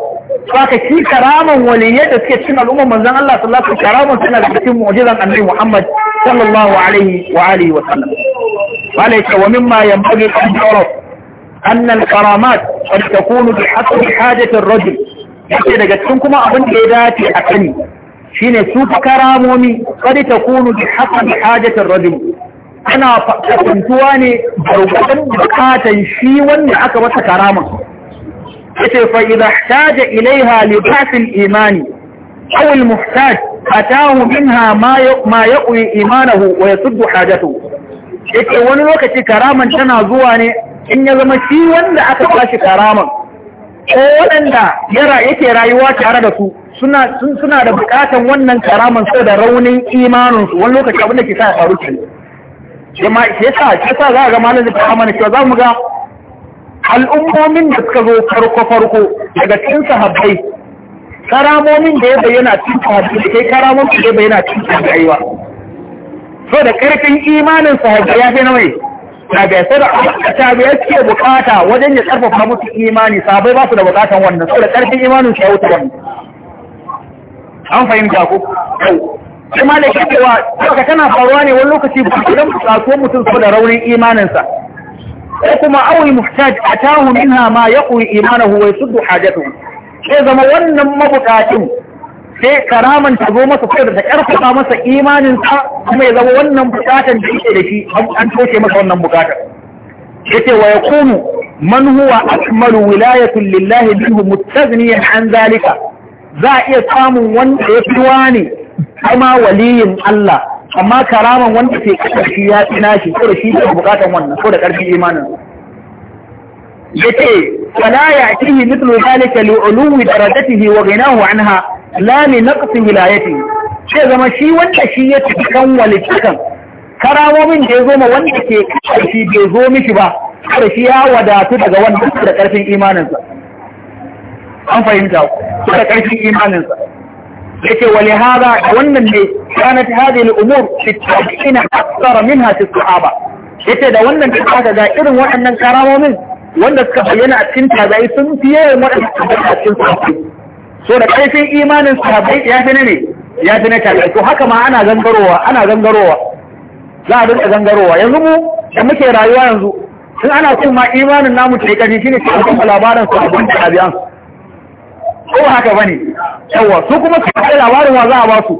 Speaker 1: Saka shi karaman waliyyai da suke cin al'umman manzan Allah sallallahu alaihi karaman suna da cikin mu'jizan annabi Muhammad sallallahu alaihi wa alihi wa sallam. Bala yake wa mimma yanbaghi an yuraf anna al-karamat qad takunu bi hasbi hajati ar-rajul. Yake daga cikin kuma abin da ya dace a sani shine su karamomi qad takunu bi hasbi hajati ar-rajul. Ana fakuntuwa ne da rubutun bukatan shi wanda aka masa karaman. yace fa idha ihtaja ilaiha li basil imani aw al muhtaj atahu minha ma ma yaqwi imanahu wa yasuddu hajatu yace wani lokaci karaman tana zuwa ne in ya zama shi wanda aka bashi karaman ko wanda yara yake rayuwa tare da su suna suna da bukatan wannan karaman saboda raunin imanin su wani lokaci abin da ke sa ya faru kenan jama'a shi yasa yasa za ga malamin ta amana cewa za mu ga al'ummomin da suka zo farko-farko daga cikin sahabbai karamomin da ya bayyana cikin sahabbai da kai karamomin da ya bayyana cikin sahabbai ba so da karfin imanin sahabbai ya fi na mai na gaisa da ya suke bukata wajen ya karfafa musu imani sahabbai ba su da bukatan wannan so da karfin imanin su ya wuce wannan an fahimta ku kuma da shi cewa tana faruwa ne wani lokaci ba idan kasuwar mutum so da raunin imaninsa ko kuma awi muhtaj atahu minha ma yaqwi imanahu wa yasuddu hajatu. sai zama wannan mabukacin sai karaman ta zo masa sai da ta karfafa masa imanin sa kuma ya zama wannan bukatan da yake da shi an toshe masa wannan bukatar yace wa yakunu man huwa akmalu wilayatun lillahi minhu muttazniyan an zalika za a iya samun wanda ya fi wani kama waliyin Allah amma karaman wanda ke kasar shi ya fi shi ko da shi ke bukatan wannan ko da ƙarfin imanin yace fala ya'tihi mithlu zalika li'uluwi darajatihi wa ghinahu anha la li naqsi wilayatihi sai zama shi wanda shi ya tafi kan walittakan karamomin da ya zo ma wanda ke kasar shi bai zo mishi ba ko da shi ya wadatu daga wannan da ƙarfin imaninsa an fahimta ko da ƙarfin imaninsa yace wa lihada wannan ne kanat hadhihi al-umur fi at-tabi'in akthar minha fi as-sahaba yace da wannan ta aka ga irin waɗannan karamomin wanda suka bayyana a cikin tabi'i sun fiye waɗannan a cikin sahabbai so da kaifin imanin sahabbai ya fi ne ya fi na tabi'i to haka ma ana gangarowa ana gangarowa za a dinka gangarowa yanzu mu da muke rayuwa yanzu in ana cin ma imanin namu ta yi ƙarfi shine cikin labarin sahabban tabi'an ko haka bane yawa su kuma su da labarin wa za a ba su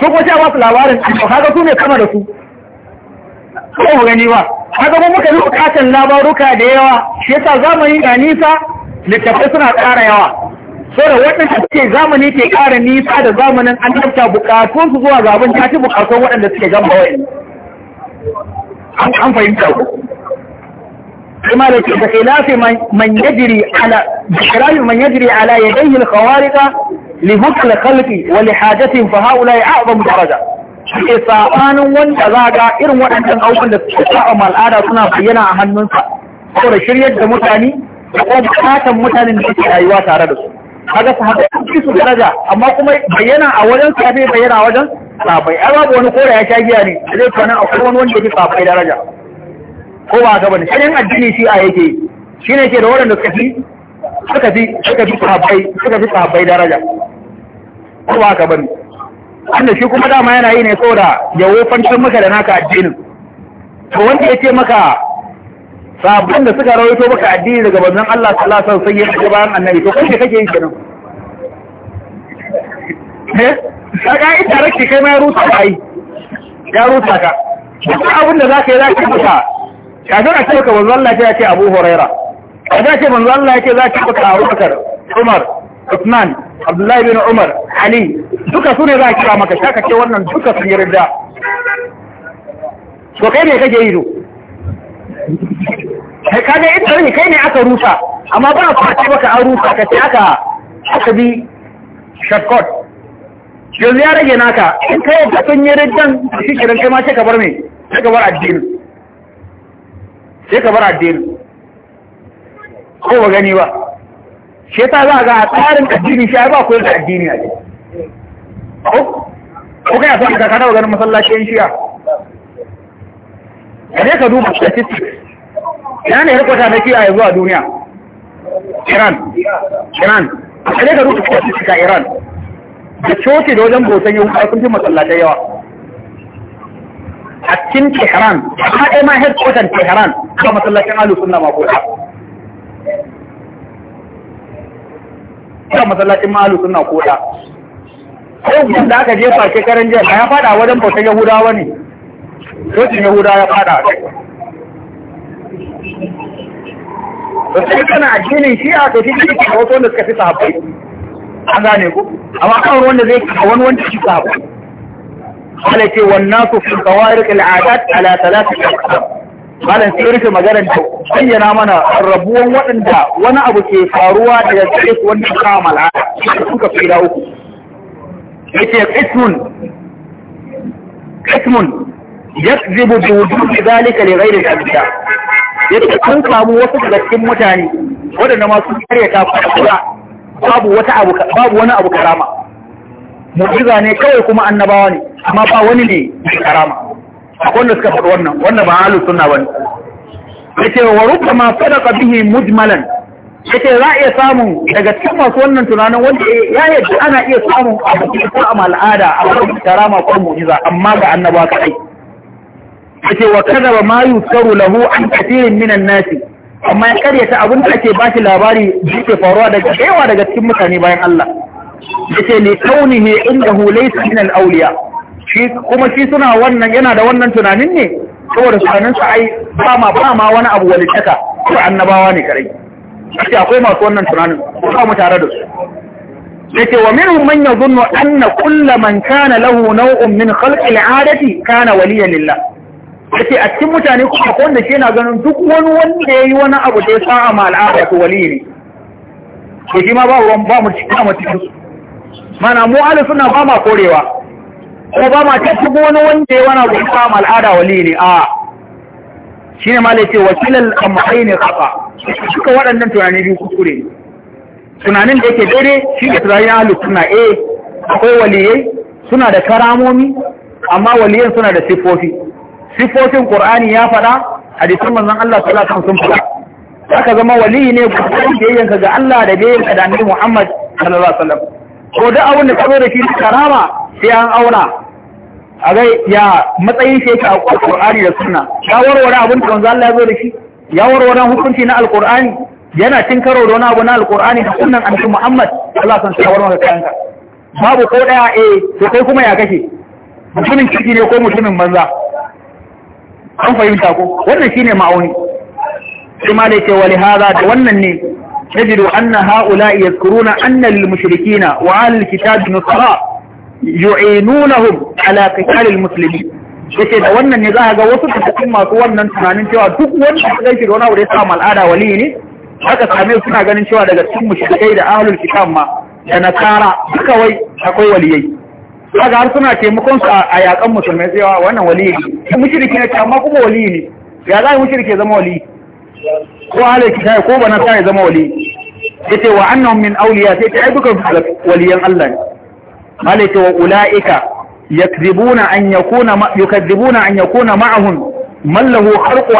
Speaker 2: su kuma sha ba su labarin to haka su ne
Speaker 1: kama da su ko gani ba Haka mun muka yi bukatan labaruka da yawa shi yasa zamani na nisa littafai suna ƙara yawa saboda waɗanda suke zamani ke ƙara nisa da zamanin an tafta bukatun su zuwa zaben ta ci bukatun waɗanda suke gamba wai an fahimta ku كما لك بخلاف من يجري على بخلاف من يجري على يديه الخوارق لبكل خلقي ولحاجتهم فهؤلاء أعظم درجة suke sabanin wanda za irin waɗannan abubuwan da suke sa'a al'ada suna bayyana a hannunsa saboda shiryar da mutane da kuma bukatan mutanen da suke rayuwa tare da su kaga su haɗa su daraja amma kuma bayyana a wajen su bayyana a wajen sabai an babu wani kora ya sha giya ne da zai tunanin akwai wani wanda ya daraja ko ba ka bane sanin addini shi a yake shi ne ke da waɗanda suka fi suka fi suka fi sahabbai suka fi sahabbai daraja ko ba ka bane wanda shi kuma dama yana yi ne saboda ya wofantar maka da naka addinin to wanda ya ce maka sabon da suka rawaito maka addini daga banzan Allah sallallahu alaihi wasallam sai ya ce bayan annabi to kai kake yin kenan eh kaga ita rake kai ma ya rusa kai ya rusa ka duk abin da zaka yi zaka yi maka kafin a ce ka manzo Allah ya ce Abu Huraira a ce manzo Allah ya ce za ka baka Abubakar Umar Uthman Abdullahi bin Umar Ali duka su ne za ka kira maka saka ce wannan duka sun yi ridda to kai ne kake yi do kai ka ga ita ne kai ne aka rusa amma ba ka ce baka an rusa ka ce aka aka bi shortcut yanzu ya rage naka in kai da sun yi riddan shi kiran kai ma sai ka bar me sai ka bar addini sai ka bar addini ko ba gani ba shi ta za ga a tsarin addini shi ba koyar da addini a ko ko kana son ka kada ganin masallacin shiya ne ka duba statistics ya ne rikwata na shiya yanzu a duniya Iran Iran ne ka duba statistics a Iran da coci da wajen botan yau sun fi masallatai yawa a cikin Tehran a haɗe ma headquarter Tehran ga masallacin alu Sunna ma koda ga masallacin ma Ahlus Sunna koda sai da aka jefa shekaran jiya ya fada wajen bautan Yahudawa ne wani, Yahudawa ya fada da sai kana addinin shi'a to shi ne ke wato wanda suka fi sahabai an gane ku amma kan wanda zai kawo wani wanda shi sahabai ala ce wannan su fi kawarik al'adat ala talatin malam sai rufe magana da bayyana mana rabuwan waɗanda wani abu ke faruwa daga gare su wanda suka kama al'ada suka fi da uku yace qismun qismun yakzibu bi wujudi zalika li ghairi al-abda yace sun samu wasu daga cikin mutane waɗanda masu sun karya ta fara babu wani abu karama mu'jiza ne kawai kuma annabawa ne amma ba wani ne mai karama wanda suka faɗi wannan wanda ba halu suna wani ya ce wa rufe ma sadaka bihi mujmalan ya ce za a iya samun daga cikin masu wannan tunanin wanda ya yadda ana iya samun a cikin ko a al'ada a wani karama ko mu'jiza amma ga annaba kaɗai ya ce wa kada ba ma yi yusaru lahu an kasirin minan nasi amma ya karyata abin da ake ba shi labari da ke faruwa daga yawa daga cikin mutane bayan Allah ya ce ne kaunihi inda laysa min al-awliya kuma shi suna wannan yana da wannan tunanin ne saboda tunaninsa ai ba ma ba ma wani abu wani walittaka ko annabawa ne kare shi akwai masu wannan tunanin ba mu tare da su yake wa minhum man yadhunnu anna kullu man kana lahu naw'un min khalqi al'adati kana waliyan lillah yace a cikin mutane kuma ko wanda shi yana ganin duk wani wanda yayi wani abu da ya sa'a ma al'ada to wali ne to shi ma ba ruwan ba mu cikin mu mana mu ahli sunna ba ma korewa ko ba ma ta shigo wani wanda ya wana zai samu al'ada wali ne a shine ne malai ce wakilan amfai ne kafa suka waɗannan tunani biyu kuskure ne tunanin da yake dare shi ke tunanin ahalus suna a eh, akwai waliyai suna da karamomi amma waliyan suna da sifofi sifofin qur'ani ya faɗa hadisan manzon Allah sallallahu alaihi sun faɗa haka zama waliyi ne gurbin da yayyanka ga Allah da bayyanka da Annabi Muhammad sallallahu alaihi wasallam ko da abin da ka zo da shi karama sai an auna a gai ya matsayin shi yake a Qur'ani da Sunna ya warware abin da manzo Allah ya zo da shi ya hukunci na al yana cin karo da wani abu na Al-Qur'ani da sunnan Annabi Muhammad Allah san shi warware kanka babu ko daya eh to kai kuma ya kake mutumin kiki ne ko mutumin banza an fahimta ko wannan shine ma'auni
Speaker 2: shi ma da ce wali
Speaker 1: hada da wannan ne tajidu anna haula yadhkuruna anna lil mushrikina wa al kitab nusra yu'inunahum ala qitalil muslimin yace da wannan ne za ga wasu cikin masu wannan tunanin cewa duk wanda ya gaishe da wani abu da ya samu al'ada wali ne haka same suna ganin cewa daga cikin mushrikai da ahlul kitab ma da nasara duka wai akwai waliyai kaga har suna taimakon su a yakan musulmai cewa wannan wali ne mushriki ne amma kuma wali ne ya za mushriki ya zama wali ko ahlul kitab ko bana sai zama wali yace wa annahum min awliya sai ta duka waliyan Allah ne malaka wa ulaika yakdhibuna an yakuna yukadhibuna an yakuna ma'ahum man lahu kharqu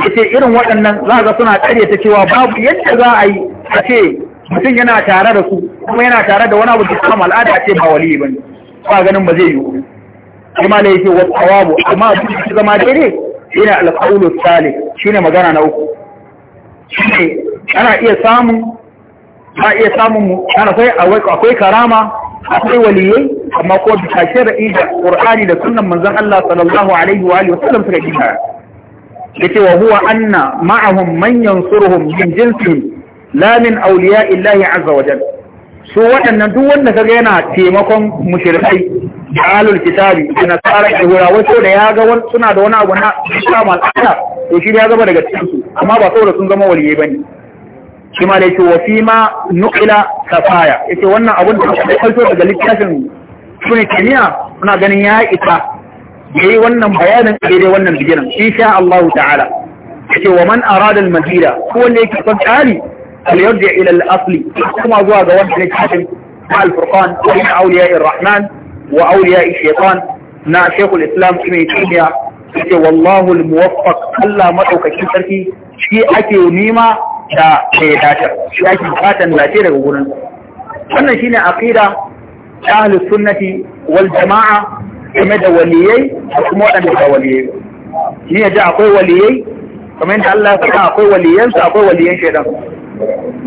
Speaker 1: yace irin waɗannan za ga suna kare ta cewa babu yadda za a yi a ce mutum yana tare da su kuma yana tare da wani abu da kuma al'ada ce ba wali bane ba ganin ba zai yi kuma da yake wa tawabu amma abin shi zama daidai yana alƙawulu salih shine magana na uku shine ana iya samun ba iya samun akwai akwai karama akwai waliyai amma ko bisa shar'i da qur'ani da sunnan manzon Allah sallallahu alaihi wa alihi wasallam suka gina yace wa huwa anna ma'ahum man yansuruhum min jinsihim la min awliya'i Allah azza wa jalla su waɗannan duk wanda kaga yana taimakon mushrikai da alul kitabi da tsara da hura da ya ga suna da wani abu na samu al'ada to shi ya zama daga cikin su amma ba saboda sun zama waliyai bane shi ma da yake wa fi ma nu'ila kafaya yace wannan abun da aka kalto daga littafin Ibn Taymiyyah muna ganin ya isa yi wannan bayanin a daidai wannan bijiran sha Allah ta'ala yace wa man aradal al-mazira ko wanda yake son tsari al-yarji ila al-asli kuma zuwa ga wanda yake cikin al-furqan wa awliya ar-rahman wa awliya ash-shaytan na Sheikh islam Ibn Taymiyyah yace wallahu al-muwaffaq Allah madaukakin sarki shi ake nima da da ya dace shi ake bukatar daga gurin wannan shine aqida ta ahlus sunnati wal jama'a game da waliyai da kuma waɗanda ba waliyai shi ya da akwai waliyai kamar yadda Allah ya akwai waliyansa akwai waliyan shaidan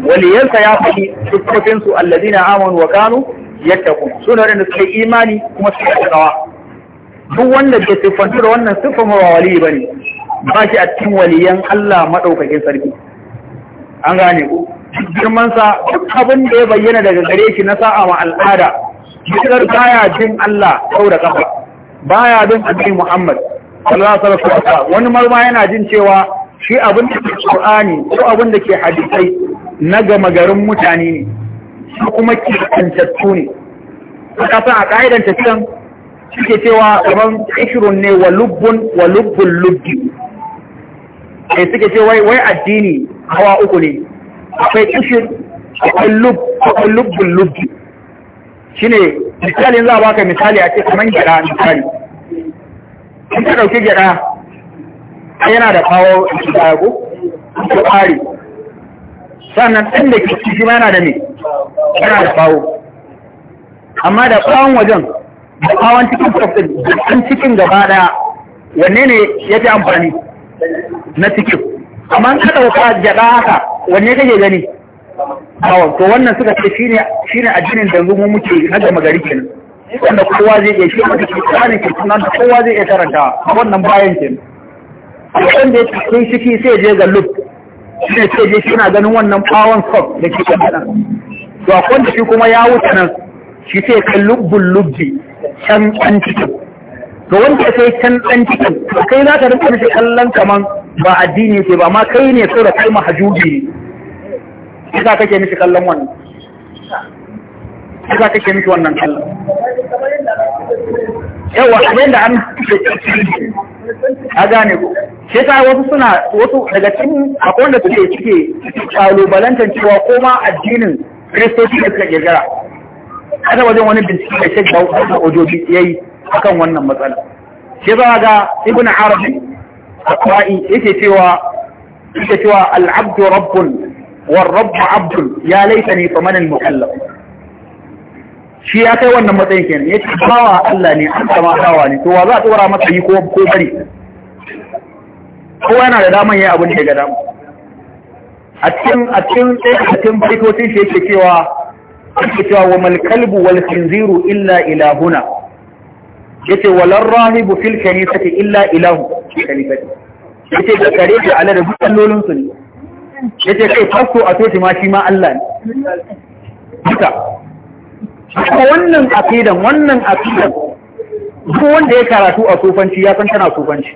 Speaker 1: waliyansa ya faɗi siffofin su allazina amanu wa kanu yattaqun sune waɗanda suka yi imani kuma suka yi tsawa duk wanda ke siffantu da wannan siffan ba wali bane ba shi a cikin waliyan Allah madaukakin sarki an gane ku girmansa duk abin da ya bayyana daga gare shi na sa'a wa al'ada bishiyar baya jin Allah sau da kafa baya bin abin Muhammad sallallahu alaihi wasallam wani marma yana jin cewa shi abin da ke Qur'ani ko abin da ke hadisai na gama garin mutane ne shi kuma ke tantattu ne ka san a ka'idan tafiyan suke cewa kaman ishrun ne wa lubbun wa lubbun lubbi sai eh, suke ce wai addini hawa uku ne akwai kishin akwai lub akwai lubbin lubbi ne, misali za a baka misali a ce kaman gyara misali in ka ɗauki a yana da kawo a cikin ayago ko ƙari sannan ɗan da ke shi ma yana da ne yana da kawo amma da kawon wajen da kawon cikin kwafin da cikin gaba ɗaya wanne ne ya fi amfani na cikin amma ka ɗauka jaɗa haka wanne kake gani awa to wannan suka ce shi ne addinin da mu muke na gama gari kenan wanda kowa zai iya shi wanda ke tsarin ke tunan da kowa zai iya karanta wannan bayan kenan akwai da yake sun ciki sai je ga shi ne sai je shi na ganin wannan bawon soft da ke kan nan to akwai da shi kuma ya wuce nan shi sai kan lubbul lubbi can ɗan cikin to wanda sai can ɗan cikin to kai za ka rinka nufi kallon kaman ba addini ke ba ma kai ne so da kai mahajubi ne kisa kake mishi kallon wannan
Speaker 2: kisa kake mishi wannan kallon yawa abin da an a gane ku shi ta
Speaker 1: wasu suna wasu daga cin akwai wanda suke cike kalubalantar cewa ko ma addinin kristoci da suka A kada wajen wani bincike da shek da ojoji ya yi akan wannan matsala shi za ga ibn arabi kafa'i yake cewa yake cewa al'abdu rabbun war rabbu abdun ya laita ne fa manal mukallaf shi ya kai wannan matsayin kenan ce bawa Allah ne an sama dawa ne to wa za a tsora masa yi ko ko bari kowa yana da daman yayi abin da ya ga dama a cikin a cikin a cikin baitocin shi yake cewa yake cewa wa mal kalbu wal khinziru illa ilahuna yace walar rahibu fil kanisati illa ilahu fil kanisati yace da kare da alada duk allolin su ne yace kai fasko a toshi ma shi ma Allah
Speaker 2: ne
Speaker 1: duka haka wannan aqidan wannan aqidan duk wanda ya karatu a sofanci ya san tana sofanci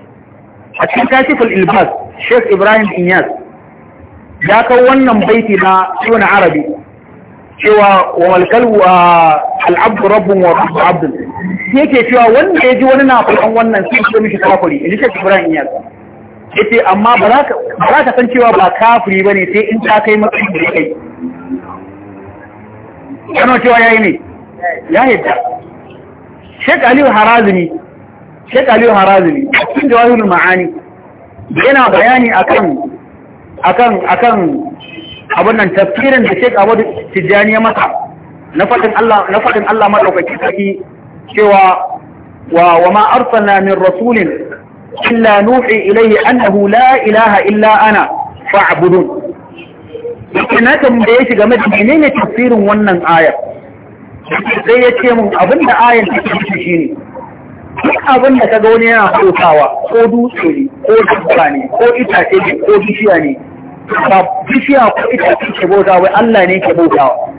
Speaker 1: a cikin kashiful ilbas Sheikh Ibrahim Inyas ya kawo wannan baiti na Ibn Arabi cewa wa malkalu a al'abdu rabbin wa rabbu abdul yake cewa wanda ya ji wani na faɗan wannan sai ya mishi kafiri in ji Sheikh Ibrahim Inyas yace amma ba za ka san cewa ba kafiri bane sai in ta kai matsayin da kai kana cewa yayi ne ya yadda Sheikh Aliyu Harazimi Sheikh Aliyu Harazimi cikin jawahirul ma'ani yana bayani akan akan akan abin nan tafsirin da Sheikh Abu Tijjani ya masa na fadin Allah na fadin Allah madaukaki cewa wa wa ma arsalna min rasulin إلا نوحي إليه أنه لا إله إلا أنا فاعبدون yake na tambaye shi game da menene tafsirin wannan ayar sai ya ce mun abin da ayar take duk abin da kaga wani yana sokawa ko dutse ne ko dabba ne ko itace ne ko bishiya ne ba bishiya ko itace ke bauta wai Allah ne ke bautawa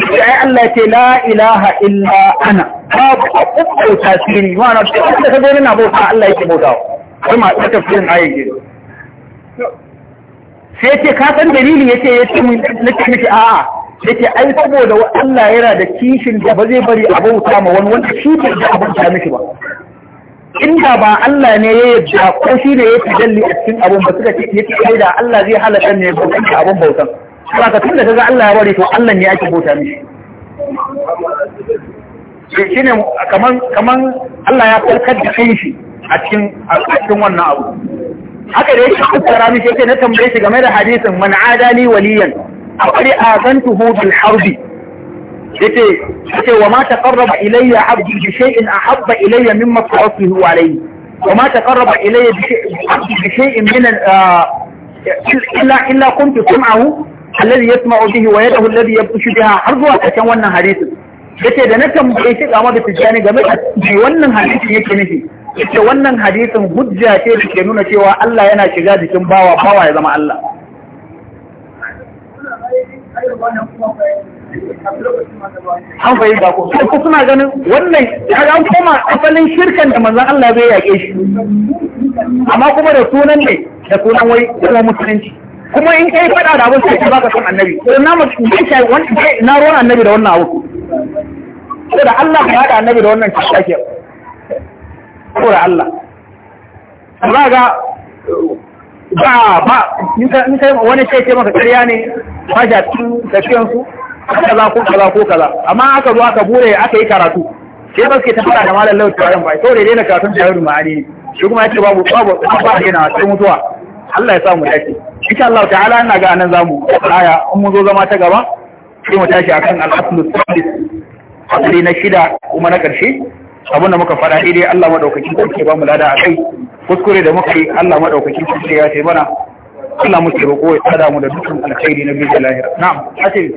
Speaker 1: Sai Allah ce la ilaha illa ana babu abubuwa tasiri wa na cikin da kaje na bauta Allah yake bauta sai ma ta tafsirin ayin gidi sai ce ka san dalili yace yace mun nake miki a'a yace ai saboda Allah yana da kishin da ba zai bari a bauta ma wani wanda shi ke da abauta miki ba inda ba Allah ne ya yadda ko shi ne ya tajalli a cikin abin ba suka ce yace ai da Allah zai halaka ne ba abun bautan ba ka tun da kaga Allah ya bari to Allah ne ake bauta mishi shi ne kaman kaman Allah ya farkar da kanshi a cikin a cikin wannan abu haka da yake kuskura mishi yake na tambaye shi game da hadisin man adali waliyan aqri azantuhu bil harbi yace yace wa ma taqarraba ilayya abdi bi shay'in ahabba ilayya mimma ta'atuhu alayhi wa ma taqarraba ilayya bi shay'in min ah, illa illa kuntu alladhi yasma'u bihi wa yadahu alladhi yabshu biha har zuwa karshen wannan hadisin yace da na tambaye shi Ahmad Tijani game da me wannan hadisin yake nufi yace wannan hadisin hujja ce da ke nuna cewa Allah yana shiga jikin bawa bawa ya zama Allah
Speaker 2: an fahimta ko ko
Speaker 1: suna ganin wannan kaga an koma asalin shirkan da manzon Allah zai yake shi amma kuma da sunan ne da sunan wai da musulunci kuma in kai faɗa da abin sai ba ka son annabi to na mu ne kai wannan na ruwan annabi da wannan abu da Allah ya hada annabi da wannan kisa Ko da Allah za ga ba ba in kai wani sai ce maka ƙarya ne ba ja cikin tafiyan su kaza ko kaza ko kaza amma aka zo aka bure aka yi karatu sai ba suke ta fara da malam lauta ran bai saboda dai na karatun da yau ma'ani shi kuma yace babu babu ba yana cikin mutuwa Allah ya sa mu dace insha Allah ta'ala ina ga anan zamu aya in mun zo zama ta gaba sai mu tashi akan al-aslu asali na shida kuma na ƙarshe abin da muka faɗa daidai Allah madaukakin sarki ba mu lada a kai kuskure da muka yi Allah madaukakin ce ya ce mana Allah muke roƙo ya tsada mu da dukkan alkhairi na biyu da lahira na'am asiri